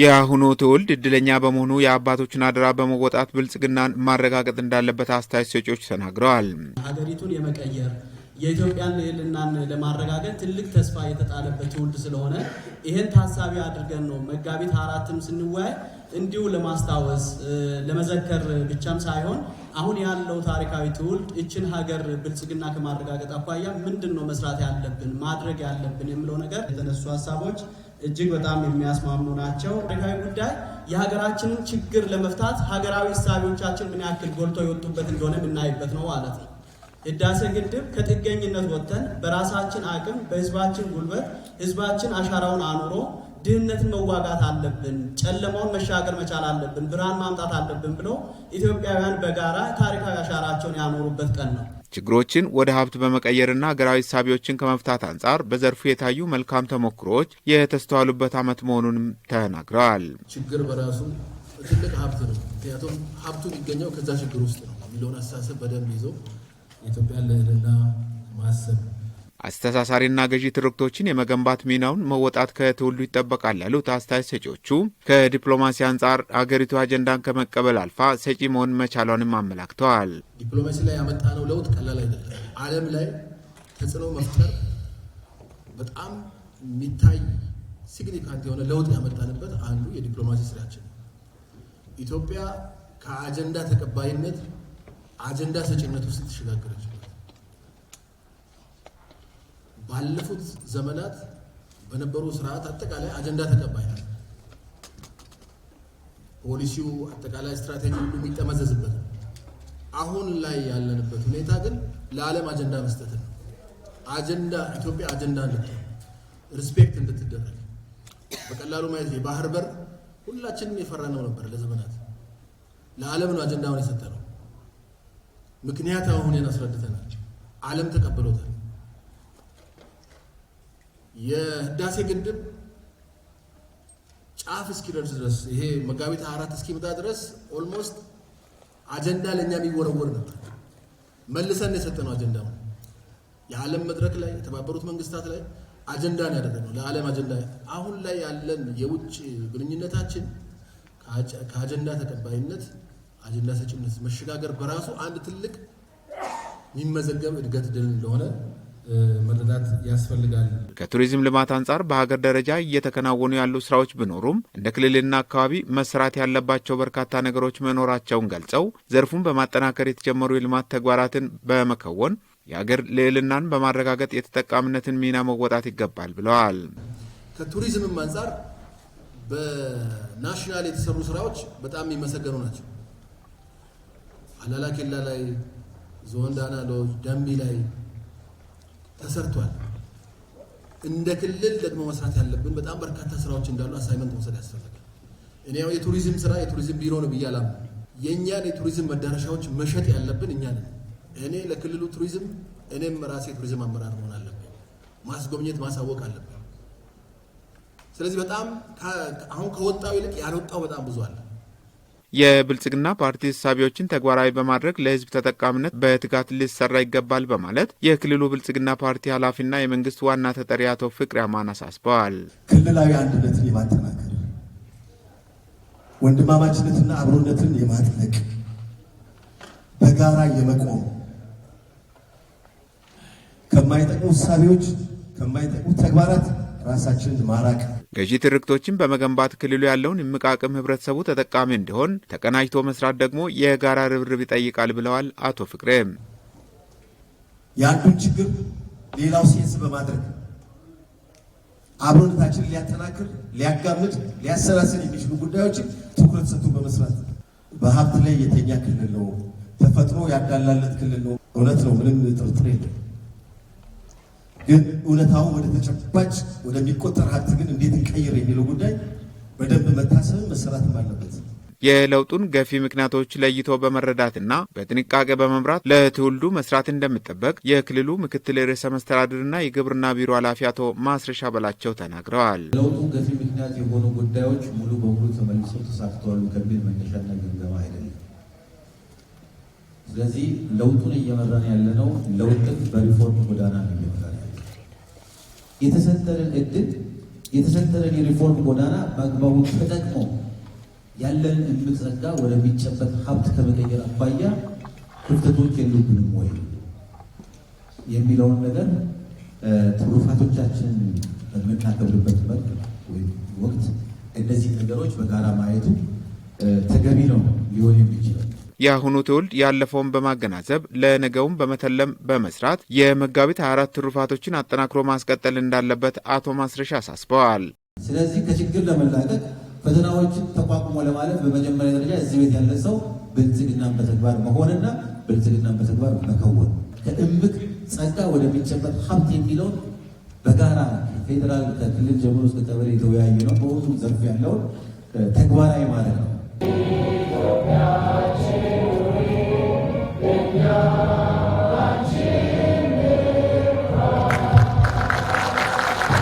የአሁኑ ትውልድ እድለኛ በመሆኑ የአባቶችን አደራ በመወጣት ብልጽግናን ማረጋገጥ እንዳለበት አስተያየት ሰጪዎች ተናግረዋል። ሀገሪቱን የመቀየር የኢትዮጵያን ልዕልናን ለማረጋገጥ ትልቅ ተስፋ የተጣለበት ትውልድ ስለሆነ ይህን ታሳቢ አድርገን ነው መጋቢት አራትም ስንወያይ እንዲሁ ለማስታወስ ለመዘከር ብቻም ሳይሆን አሁን ያለው ታሪካዊ ትውልድ እችን ሀገር ብልጽግና ከማረጋገጥ አኳያ ምንድን ነው መስራት ያለብን ማድረግ ያለብን የሚለው ነገር የተነሱ ሀሳቦች እጅግ በጣም የሚያስማሙ ናቸው። ታሪካዊ ጉዳይ የሀገራችንን ችግር ለመፍታት ሀገራዊ እሳቤዎቻችን ምን ያክል ጎልቶ የወጡበት እንደሆነ የምናይበት ነው ማለት ነው። ህዳሴ ግድብ ከጥገኝነት ወጥተን በራሳችን አቅም በህዝባችን ጉልበት ህዝባችን አሻራውን አኑሮ ድህነትን መዋጋት አለብን፣ ጨለማውን መሻገር መቻል አለብን፣ ብርሃን ማምጣት አለብን ብሎ ኢትዮጵያውያን በጋራ ታሪካዊ አሻራቸውን ያኖሩበት ቀን ነው። ችግሮችን ወደ ሀብት በመቀየርና ሀገራዊ ሳቢዎችን ከመፍታት አንጻር በዘርፉ የታዩ መልካም ተሞክሮዎች የተስተዋሉበት ዓመት መሆኑንም ተናግረዋል። ችግር በራሱ ትልቅ ሀብት ነው። ምክንያቱም ሀብቱ የሚገኘው ከዛ ችግር ውስጥ ነው የሚለውን አስተሳሰብ በደንብ ይዞ የኢትዮጵያን ልዕልና ማሰብ አስተሳሳሪና ገዢ ትርክቶችን የመገንባት ሚናውን መወጣት ከትውልዱ ይጠበቃል ያሉት አስተያየት ሰጪዎቹ ከዲፕሎማሲ አንጻር አገሪቱ አጀንዳን ከመቀበል አልፋ ሰጪ መሆን መቻሏንም አመላክተዋል። ዲፕሎማሲ ላይ ያመጣነው ለውጥ ቀላል አይደለም። ዓለም ላይ ተጽዕኖ መፍጠር በጣም የሚታይ ሲግኒካንት የሆነ ለውጥ ያመጣንበት አንዱ የዲፕሎማሲ ስራችን ኢትዮጵያ ከአጀንዳ ተቀባይነት አጀንዳ ሰጪነት ውስጥ ተሸጋገረች። ባለፉት ዘመናት በነበሩ ስርዓት አጠቃላይ አጀንዳ ተቀባይ ፖሊሲው አጠቃላይ ስትራቴጂ ሁሉ የሚጠመዘዝበት ነው። አሁን ላይ ያለንበት ሁኔታ ግን ለዓለም አጀንዳ መስጠት ነው። አጀንዳ ኢትዮጵያ አጀንዳ እንድትሆን ሪስፔክት እንድትደረግ በቀላሉ ማየት የባህር በር ሁላችንም የፈራነው ነበር ለዘመናት። ለዓለም ነው አጀንዳውን የሰጠነው። ምክንያት አሁን አስረድተናል። ዓለም ተቀብሎታል። የህዳሴ ግድብ ጫፍ እስኪደርስ ድረስ ይሄ መጋቢት አራት እስኪመጣ ድረስ ኦልሞስት አጀንዳ ለእኛ የሚወረወር ነበር። መልሰን የሰጠነው አጀንዳ ነው። የዓለም መድረክ ላይ የተባበሩት መንግስታት ላይ አጀንዳ ነው ያደረግነው፣ ለዓለም አጀንዳ። አሁን ላይ ያለን የውጭ ግንኙነታችን ከአጀንዳ ተቀባይነት አጀንዳ ሰጭነት መሸጋገር በራሱ አንድ ትልቅ የሚመዘገብ እድገት ድል እንደሆነ መረዳት ያስፈልጋል። ከቱሪዝም ልማት አንጻር በሀገር ደረጃ እየተከናወኑ ያሉ ስራዎች ቢኖሩም እንደ ክልልና አካባቢ መስራት ያለባቸው በርካታ ነገሮች መኖራቸውን ገልጸው ዘርፉን በማጠናከር የተጀመሩ የልማት ተግባራትን በመከወን የሀገር ልዕልናን በማረጋገጥ የተጠቃሚነትን ሚና መወጣት ይገባል ብለዋል። ከቱሪዝምም አንጻር በናሽናል የተሰሩ ስራዎች በጣም የሚመሰገኑ ናቸው። አላላ ኬላ ላይ፣ ዞንዳና ሎጅ፣ ደንቢ ላይ ተሰርቷል። እንደ ክልል ደግሞ መስራት ያለብን በጣም በርካታ ስራዎች እንዳሉ አሳይመንት መውሰድ ያስፈልጋል። እኔ የቱሪዝም ስራ የቱሪዝም ቢሮ ነው ብዬ አላምንም። የእኛን የቱሪዝም መዳረሻዎች መሸጥ ያለብን እኛ ነን። እኔ ለክልሉ ቱሪዝም እኔም ራሴ የቱሪዝም አመራር መሆን አለብን። ማስጎብኘት ማሳወቅ አለብን። ስለዚህ በጣም አሁን ከወጣው ይልቅ ያልወጣው በጣም ብዙ አለ። የብልጽግና ፓርቲ እሳቤዎችን ተግባራዊ በማድረግ ለህዝብ ተጠቃሚነት በትጋት ሊሰራ ይገባል በማለት የክልሉ ብልጽግና ፓርቲ ኃላፊና የመንግስት ዋና ተጠሪ አቶ ፍቅሪ አማን አሳስበዋል። ክልላዊ አንድነትን የማጠናከር ወንድማማችነትና አብሮነትን የማጥለቅ በጋራ የመቆም ከማይጠቅሙ እሳቤዎች ከማይጠቅሙ ተግባራት ራሳችን ማራቅ ገዢ ትርክቶችን በመገንባት ክልሉ ያለውን እምቅ አቅም ህብረተሰቡ ተጠቃሚ እንዲሆን ተቀናጅቶ መስራት ደግሞ የጋራ ርብርብ ይጠይቃል ብለዋል አቶ ፍቅሬም። የአንዱን ችግር ሌላው ሴንስ በማድረግ አብሮነታችን ሊያጠናክር፣ ሊያጋምድ፣ ሊያሰላሰል የሚችሉ ጉዳዮችን ትኩረት ሰጥቶ በመስራት በሀብት ላይ የተኛ ክልል ነው። ተፈጥሮ ያዳላለት ክልል ነው። እውነት ነው። ምንም ጥርጥር የለም። ግን እውነታው ወደ ተጨባጭ ወደሚቆጠር ሀብት ግን እንዴት እንቀይር የሚለው ጉዳይ በደንብ መታሰብ መሰራትም አለበት። የለውጡን ገፊ ምክንያቶች ለይቶ በመረዳትና በጥንቃቄ በመምራት ለትውልዱ መስራት እንደሚጠበቅ የክልሉ ምክትል ርዕሰ መስተዳድርና የግብርና ቢሮ ኃላፊ አቶ ማስረሻ በላቸው ተናግረዋል። ለውጡ ገፊ ምክንያት የሆኑ ጉዳዮች ሙሉ በሙሉ ተመልሰው ተሳክተዋሉ ከሚል መነሻና ግምገማ አይደለም። ስለዚህ ለውጡን እየመራን ያለነው ለውጥን በሪፎርም ጎዳና ነው እየመራን ያለ የተሰጠንን እድል የተሰጠንን የሪፎርም ጎዳና በአግባቡ ተጠቅሞ ያለን የምጸጋ ወደሚጨበት ሀብት ከመቀየር አኳያ ክፍተቶች የሉብንም ወይ የሚለውን ነገር ትሩፋቶቻችንን በምናከብርበት ወቅት እነዚህ ነገሮች በጋራ ማየቱ ተገቢ ነው ሊሆን የሚችለው። የአሁኑ ትውልድ ያለፈውን በማገናዘብ ለነገውም በመተለም በመስራት የመጋቢት 24 ትሩፋቶችን አጠናክሮ ማስቀጠል እንዳለበት አቶ ማስረሻ አሳስበዋል። ስለዚህ ከችግር ለመላቀቅ ፈተናዎችን ተቋቁሞ ለማለት በመጀመሪያ ደረጃ እዚህ ቤት ያለ ሰው ብልጽግናን በተግባር መሆንና ብልጽግናን በተግባር መከወን ከእምቅ ጸጋ ወደሚጨበጥ ሀብት የሚለውን በጋራ ፌዴራል ከክልል ጀምሮ እስከ ቀበሌ የተወያየ ነው። በሁሉም ዘርፍ ያለውን ተግባራዊ ማለት ነው።